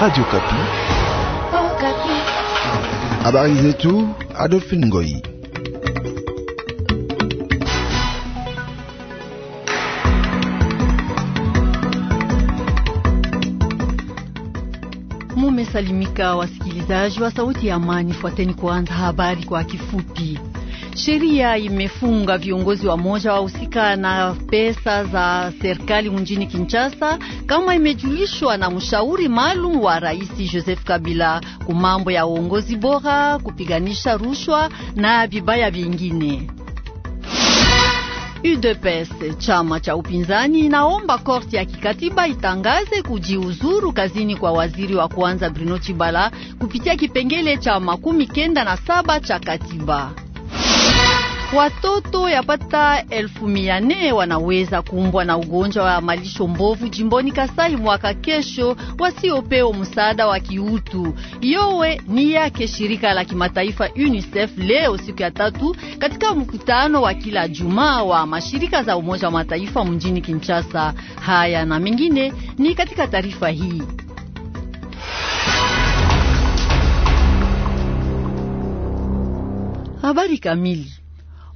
Radio Kapi. Oh, Kapi. Habari zetu Adolphine Ngoi. Mumesalimika wasikilizaji wa sauti ya amani, fuateni kuanza habari kwa kifupi. Sheria imefunga viongozi wa moja wa husika na pesa za serikali mjini Kinshasa, kama imejulishwa na mshauri maalum wa Rais Joseph Kabila ku mambo ya uongozi bora, kupiganisha rushwa na vibaya vingine. UDPS chama cha upinzani inaomba korti ya kikatiba itangaze kujiuzuru kazini kwa waziri wa kwanza Bruno Chibala kupitia kipengele cha makumi kenda na saba cha katiba. Watoto yapata elfu mia nne wanaweza kumbwa na ugonjwa wa malisho mbovu jimboni Kasai mwaka kesho, wasiopewa msaada wa kiutu. Yowe ni yake shirika la kimataifa UNICEF leo siku ya tatu katika mkutano wa kila Jumaa wa mashirika za Umoja wa Mataifa mjini Kinshasa. Haya na mengine ni katika taarifa hii. Habari kamili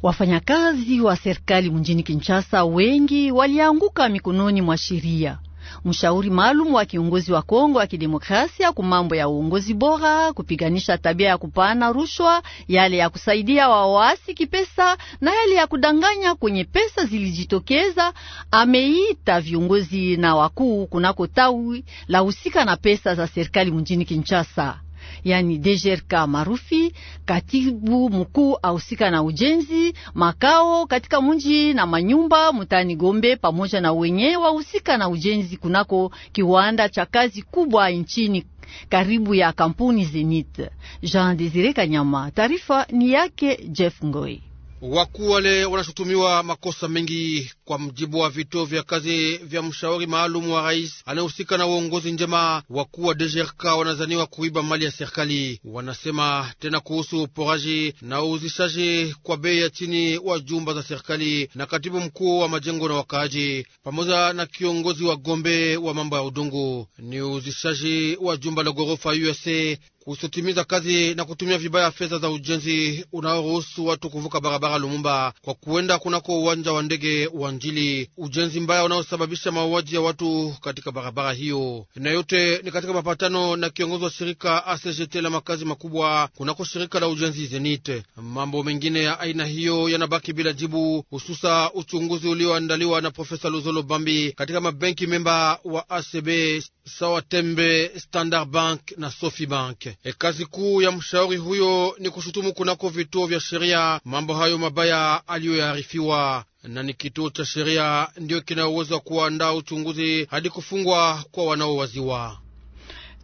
Wafanyakazi wa serikali mjini Kinshasa wengi walianguka mikononi mwa sheria. Mshauri maalum wa kiongozi wa Kongo ya Kidemokrasia ku mambo ya uongozi bora, kupiganisha tabia ya kupana rushwa, yale ya kusaidia wawasi kipesa na yale ya kudanganya kwenye pesa zilijitokeza, ameita viongozi na wakuu kunako tawi la husika na pesa za serikali mjini Kinshasa yani Dejerka marufi, katibu mkuu ahusika na ujenzi makao katika munji na manyumba mutani Gombe, pamoja na wenye wahusika na ujenzi kunako kiwanda cha kazi kubwa nchini karibu ya kampuni Zenit. Jean Desire Kanyama, taarifa ni yake Jeff Ngoi. Wakuu wale wanashutumiwa makosa mengi kwa mjibu wa vituo vya kazi vya mshauri maalum wa rais anayehusika na uongozi njema. Wakuu wa DGRK wanazaniwa kuiba mali ya serikali. Wanasema tena kuhusu uporaji na uuzishaji kwa bei ya chini wa jumba za serikali na katibu mkuu wa majengo na wakaaji pamoja na kiongozi wa Gombe wa mambo ya udongo. Ni uuzishaji wa jumba la ghorofa USA kusitimiza kazi na kutumia vibaya fedha za ujenzi unaoruhusu watu kuvuka barabara Lumumba kwa kuenda kunako uwanja wa ndege wa Njili, ujenzi mbaya unaosababisha mauaji ya watu katika barabara hiyo. Na yote ni katika mapatano na kiongozi wa shirika ACGT la makazi makubwa kunako shirika la ujenzi Zenite. Mambo mengine ya aina hiyo yanabaki bila jibu, hususa uchunguzi ulioandaliwa na Profesa Luzolo Bambi katika mabenki memba wa ACB sawa Tembe, Standard Bank na Sofi Bank. E, kazi kuu ya mshauri huyo ni kushutumu kunako vituo vya sheria mambo hayo mabaya aliyoyaarifiwa na ni kituo cha sheria ndiyo kinayoweza kuandaa uchunguzi hadi kufungwa kwa wanaowaziwa.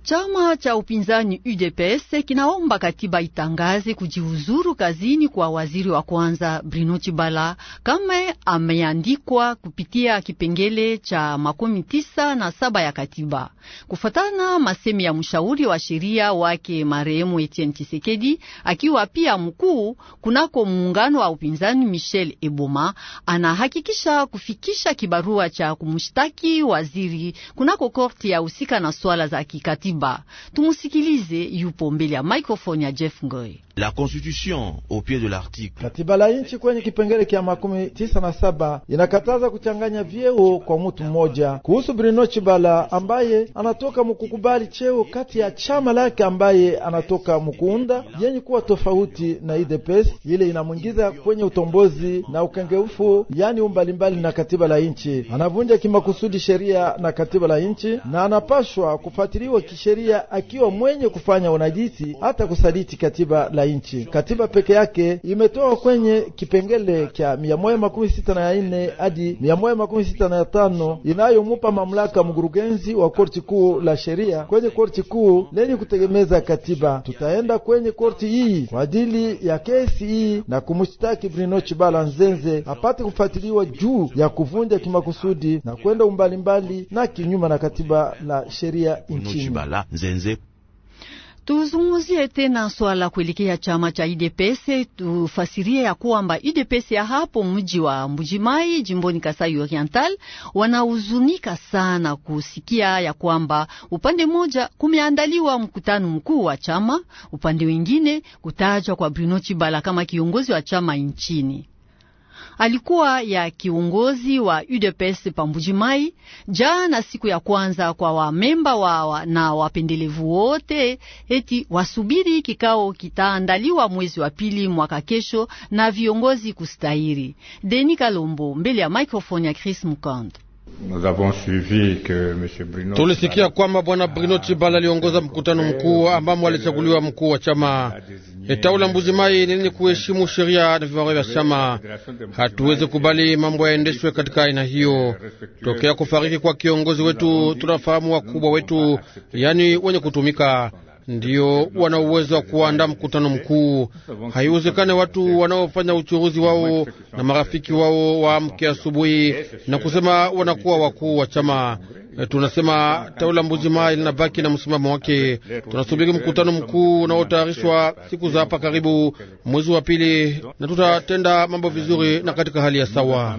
Chama cha upinzani UDPS kinaomba katiba itangaze kujiuzuru kazini kwa waziri wa kwanza Bruno Chibala kama ameandikwa kupitia kipengele cha makumi tisa na saba ya katiba, kufatana masemi ya mshauri wa sheria wake marehemu Etienne Tshisekedi, akiwa pia mkuu kunako muungano wa upinzani Michel Eboma, anahakikisha kufikisha kibarua cha kumshtaki waziri kunako korti ya husika na swala za kikatiba. Kiba. Tumusikilize, yupo mbele ya microphone ya Jeff Ngoi la constitution au pied de l'article. Katiba la nchi kwenye kipengele kya makumi tisa na saba inakataza kuchanganya vyeo kwa mutu mmoja. Kuhusu Bruno Chibala ambaye anatoka mukukubali cheo kati ya chama lake ambaye anatoka mukuunda yenye kuwa tofauti na UDPS, ile inamwingiza kwenye utombozi na ukengeufu, yani umbalimbali na katiba la nchi. Anavunja kimakusudi sheria na katiba la nchi, na anapashwa kufatiliwa kisheria akiwa mwenye kufanya unajisi hata kusaliti katiba la nchi. Katiba peke yake imetoa kwenye kipengele cha mia moja makumi sita na nne hadi mia moja makumi sita na tano inayomupa mamlaka mkurugenzi wa korti kuu la sheria kwenye korti kuu lenye kutegemeza katiba. Tutaenda kwenye korti hii kwa ajili ya kesi hii na kumshtaki Bruno Chibala Nzenze apate kufuatiliwa juu ya kuvunja kimakusudi na kwenda umbalimbali na kinyuma na katiba la sheria nchini. Tuzungumzie tena swala kuelekea chama cha UDPS. Tufasirie ya kwamba UDPS ya hapo mji wa Mbujimai jimboni Kasai Oriental wanahuzunika sana kusikia ya kwamba upande mmoja kumeandaliwa mkutano mkuu wa chama, upande wengine kutajwa kwa Bruno Chibala kama kiongozi wa chama nchini alikuwa ya kiongozi wa UDPS Pambujimai jana siku ya kwanza kwa wamemba wawa na wapendelevu wote, eti wasubiri kikao kitaandaliwa mwezi wa pili mwaka kesho na viongozi kustahiri. Deni Kalombo mbele ya microphone ya Chris Mukand. Tulisikia kwamba bwana Bruno Chibala aliongoza mkutano mkuu ambamo alichaguliwa mkuu wa chama Etaula mbuzi mai nini kuheshimu sheria na viwango vya chama. Hatuwezi kubali mambo yaendeshwe katika aina hiyo. Tokea kufariki kwa kiongozi wetu, tunafahamu wakubwa wetu, yaani wenye kutumika ndiyo wana uwezo wa kuandaa mkutano mkuu. Haiwezekane watu wanaofanya uchuruzi wao na marafiki wao waamke asubuhi na kusema wanakuwa wakuu wa chama. Tunasema taula mbuzi Mbuji Mayi linabaki na msimamo wake. Tunasubiri mkutano mkuu unaotayarishwa siku za hapa karibu mwezi wa pili, na tutatenda mambo vizuri na katika hali ya sawa.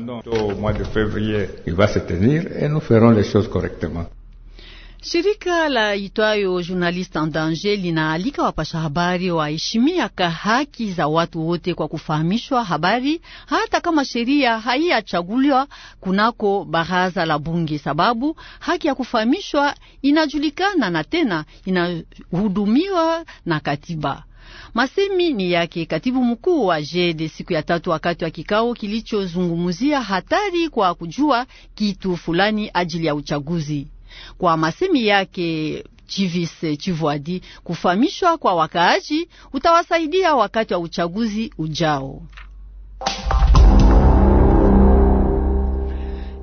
Shirika la itwayo Journaliste en Danger linaalika wapasha habari waheshimia ka haki za watu wote kwa kufahamishwa habari hata kama sheria haiyachaguliwa kunako baraza la bunge, sababu haki ya kufahamishwa inajulikana na tena inahudumiwa na katiba. Masemi ni yake katibu mkuu wa JEDE siku ya tatu wakati wa kikao kilichozungumzia hatari kwa kujua kitu fulani ajili ya uchaguzi. Kwa masemi yake Chivis Chivwadi, kufahamishwa kwa wakaaji utawasaidia wakati wa uchaguzi ujao.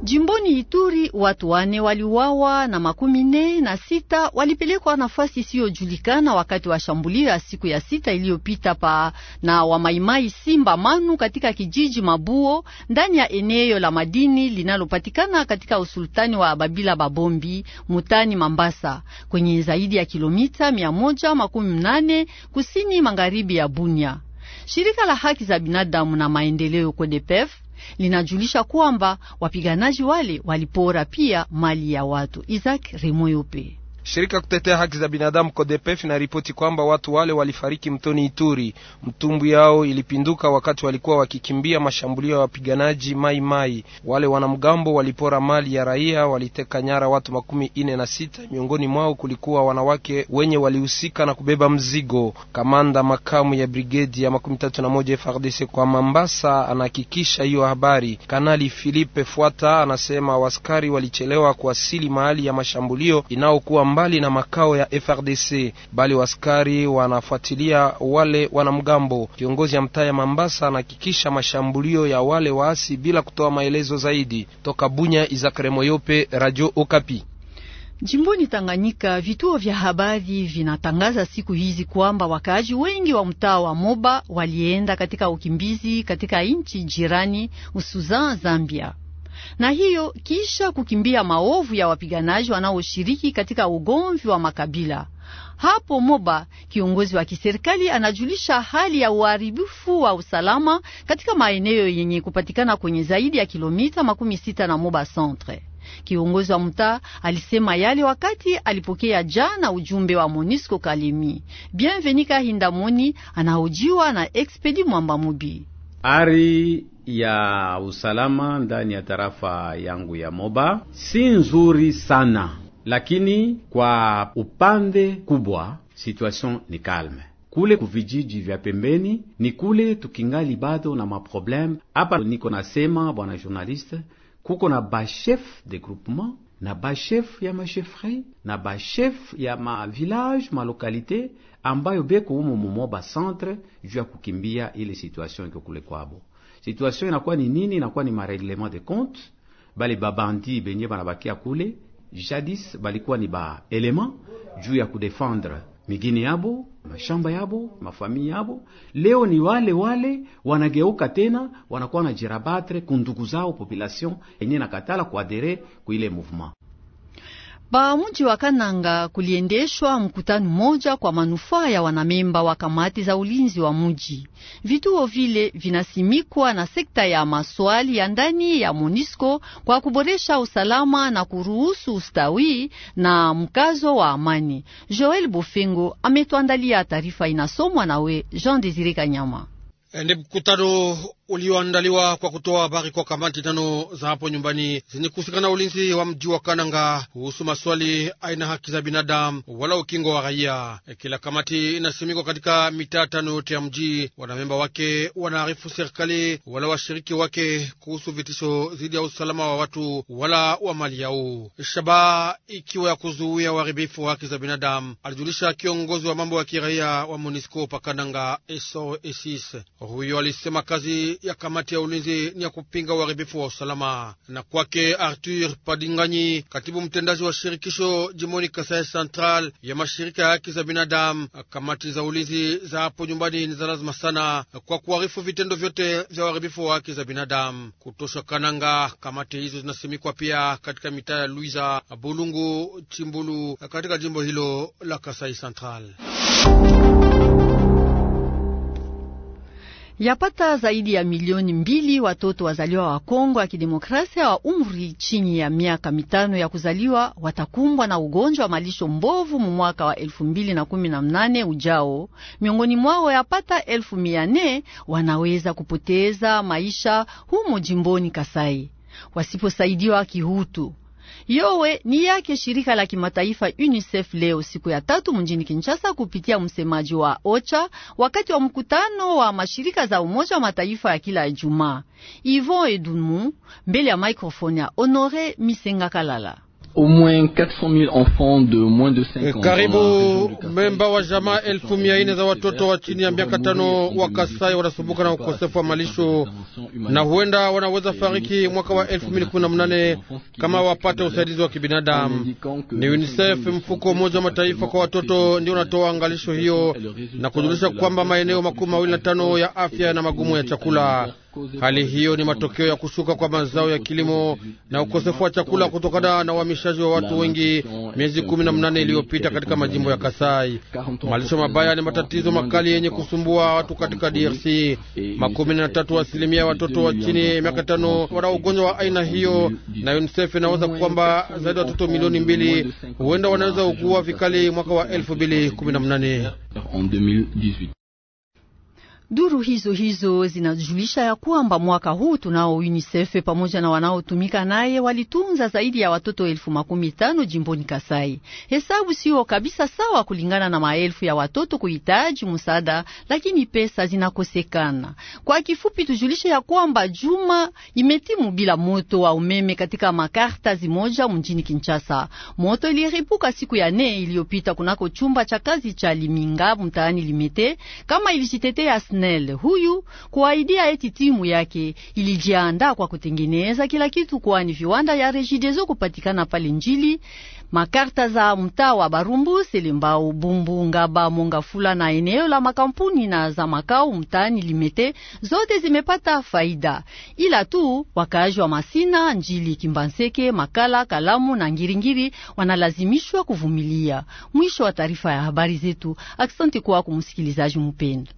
Jimboni Ituri watu wane waliuawa na makumi nne na sita walipelekwa nafasi isiyojulikana wakati wa shambulio ya siku ya sita iliyopita pa na wamaimai Simba Manu katika kijiji Mabuo ndani ya eneo la madini linalopatikana katika usultani wa Babila Babombi mutani Mambasa kwenye zaidi ya kilomita mia moja makumi nane kusini magharibi ya Bunia. Shirika la haki za binadamu na maendeleo CODEPEF linajulisha kwamba wapiganaji wale walipora pia mali ya watu. Isaac Remoyope Shirika kutetea haki za binadamu CODEPEF inaripoti kwamba watu wale walifariki mtoni Ituri. Mtumbwi yao ilipinduka wakati walikuwa wakikimbia mashambulio ya wapiganaji mai mai. Wale wanamgambo walipora mali ya raia, waliteka nyara watu makumi ine na sita, miongoni mwao kulikuwa wanawake wenye walihusika na kubeba mzigo. Kamanda makamu ya brigedi ya makumi tatu na moja FARDC kwa Mambasa anahakikisha hiyo habari. Kanali Philippe Fuata anasema waskari walichelewa kuwasili mahali ya mashambulio inaokuwa mbali na makao ya FRDC, bali waskari wanafuatilia wale wanamgambo. Kiongozi ya mtaa ya Mambasa anahakikisha mashambulio ya wale waasi bila kutoa maelezo zaidi. Toka Bunya, Izakare Moyope, Radio Okapi. Jimboni Tanganyika, vituo vya habari vinatangaza siku hizi kwamba wakaaji wengi wa mtaa wa Moba walienda katika ukimbizi katika nchi jirani, hususan Zambia na hiyo kisha kukimbia maovu ya wapiganaji wanaoshiriki katika ugomvi wa makabila. Hapo Moba, kiongozi wa kiserikali anajulisha hali ya uharibifu wa usalama katika maeneo yenye kupatikana kwenye zaidi ya kilomita makumi sita na Moba centre. Kiongozi wa mtaa alisema yale wakati alipokea jana ujumbe wa Monisco Kalemi. Bienveni Kahinda Moni anahojiwa na Expedi Mwamba Mubi. Ari ya usalama ndani ya tarafa yangu ya Moba si nzuri sana, lakini kwa upande kubwa situation ni kalme kule kuvijiji vya pembeni ni kule tukingali bado na maprobleme hapa. Niko nasema bwana journaliste, kuko na bashef de groupement na bashef ya machefferie na bashef ya mavillage malokalité ambayo beko umo mumoba centre juu ya kukimbia ile situation iko kule kwabo. Situation inakuwa ni nini? Inakuwa ni mareglement de compte. Bale babandi benye banabakia kule jadis balikuwa ni ba element juu ya kudefendre migini yabo mashamba yabo mafamii yabo. Leo ni wale wale wanageuka tena, wanakuwa na jirabatre kundugu zao population yenye nakatala kuadere kuile mouvement. Baamuji wa Kananga kuliendeshwa mkutano moja kwa manufaa ya wanamemba wa kamati za ulinzi wa muji. Vituo vile vinasimikwa na sekta ya maswali ya ndani ya Monisco kwa kuboresha usalama na kuruhusu ustawi na mkazo wa amani. Joel Bofengo ametuandalia taarifa, inasomwa nawe Jean Desire Kanyama. Ni mkutano ulioandaliwa kwa kutoa habari kwa kamati tano za hapo nyumbani zenye kuhusika na ulinzi wa mji wa Kananga kuhusu maswali aina haki za binadamu wala ukingo wa raia. Kila kamati inasimikwa katika mitaa tano yote ya mji. Wanamemba wake wanaarifu serikali wala washiriki wake kuhusu vitisho dhidi ya usalama wa watu wala wa mali yao, shabaha ikiwa ya kuzuia uharibifu wa haki za binadamu, alijulisha kiongozi wa mambo ya kiraia wa MONUSCO pakananga Kananga. s huyo alisema kazi ya kamati ya ulinzi ni ya kupinga uharibifu wa usalama. Na kwake Arthur Padinganyi, katibu mtendaji wa shirikisho jimoni Kasai Central ya mashirika ya haki za binadamu, kamati za ulinzi za hapo nyumbani ni za lazima sana kwa kuharifu vitendo vyote vya uharibifu wa haki za binadamu. Kutosha Kananga, kamati hizo zinasimikwa pia katika mitaa ya Luiza, Bulungu, Chimbulu katika jimbo hilo la Kasai Central. Yapata zaidi ya milioni mbili watoto wazaliwa wa Kongo ya Kidemokrasia wa umri chini ya miaka mitano ya kuzaliwa watakumbwa na ugonjwa wa malisho mbovu mu mwaka wa elfu mbili na kumi na mnane ujao. Miongoni mwao yapata elfu mia nne wanaweza kupoteza maisha humo jimboni Kasai wasiposaidiwa kihutu yowe ni yake shirika la kimataifa UNICEF leo siku ya tatu mjini Kinshasa kupitia msemaji wa OCHA wakati wa mkutano wa mashirika za Umoja wa Mataifa ya kila Ijumaa. Yvon Edumu mbele ya microphone ya Honore Misenga Kalala au moins 400 000 enfants de moins de 5 ans. Karibu memba wa jamaa elfu mia nne za watoto wa chini ya miaka tano wa Kasai wanasumbuka na ukosefu wa malisho na huenda wanaweza fariki mwaka wa elfu mbili kumi na nane kama wapate usaidizi wa kibinadamu. Ni UNICEF mfuko Umoja wa Mataifa kwa watoto ndio unatoa angalisho hiyo na kujulisha kwamba maeneo makumi mawili na tano ya afya na magumu ya chakula Hali hiyo ni matokeo ya kushuka kwa mazao ya kilimo na ukosefu wa chakula kutokana na uhamishaji wa watu wengi miezi kumi na mnane iliyopita katika majimbo ya Kasai. Malisho mabaya ni matatizo makali yenye kusumbua watu katika DRC. Makumi na tatu asilimia ya watoto wa chini ya miaka tano wana ugonjwa wa aina hiyo, na UNICEF inaweza kwamba zaidi ya watoto milioni mbili huenda wanaweza ugua vikali mwaka wa elfu mbili kumi na mnane. Duru hizo hizo zinajulisha ya kwamba mwaka huu tunao UNICEF pamoja na wanaotumika naye walitunza zaidi ya watoto elfu makumi tano jimboni Kasai. Hesabu sio kabisa sawa kulingana na maelfu ya watoto kuhitaji msaada, lakini pesa zinakosekana. Kwa kifupi, tujulishe ya kwamba juma imetimu bila moto wa umeme katika makarta zimoja mjini Kinshasa. Moto iliripuka siku ya nne iliyopita kunako chumba cha kazi cha Liminga mtaani Limete, kama ilijitetea Snell huyu kuaidia eti timu yake ilijiandaa kwa kutengeneza kila kitu, kwani viwanda ya Regideso kupatikana pale Njili, makarta za mtaa wa Barumbu, Selembao, Bumbu, Ngaba, Mongafula na eneo la makampuni na za makao mtaani Limete zote zimepata faida, ila tu wakaaji wa Masina, Njili, Kimbanseke, Makala, Kalamu na Ngiringiri wanalazimishwa kuvumilia. Mwisho wa taarifa ya habari zetu. Asante kwa kumsikilizaji mpenda.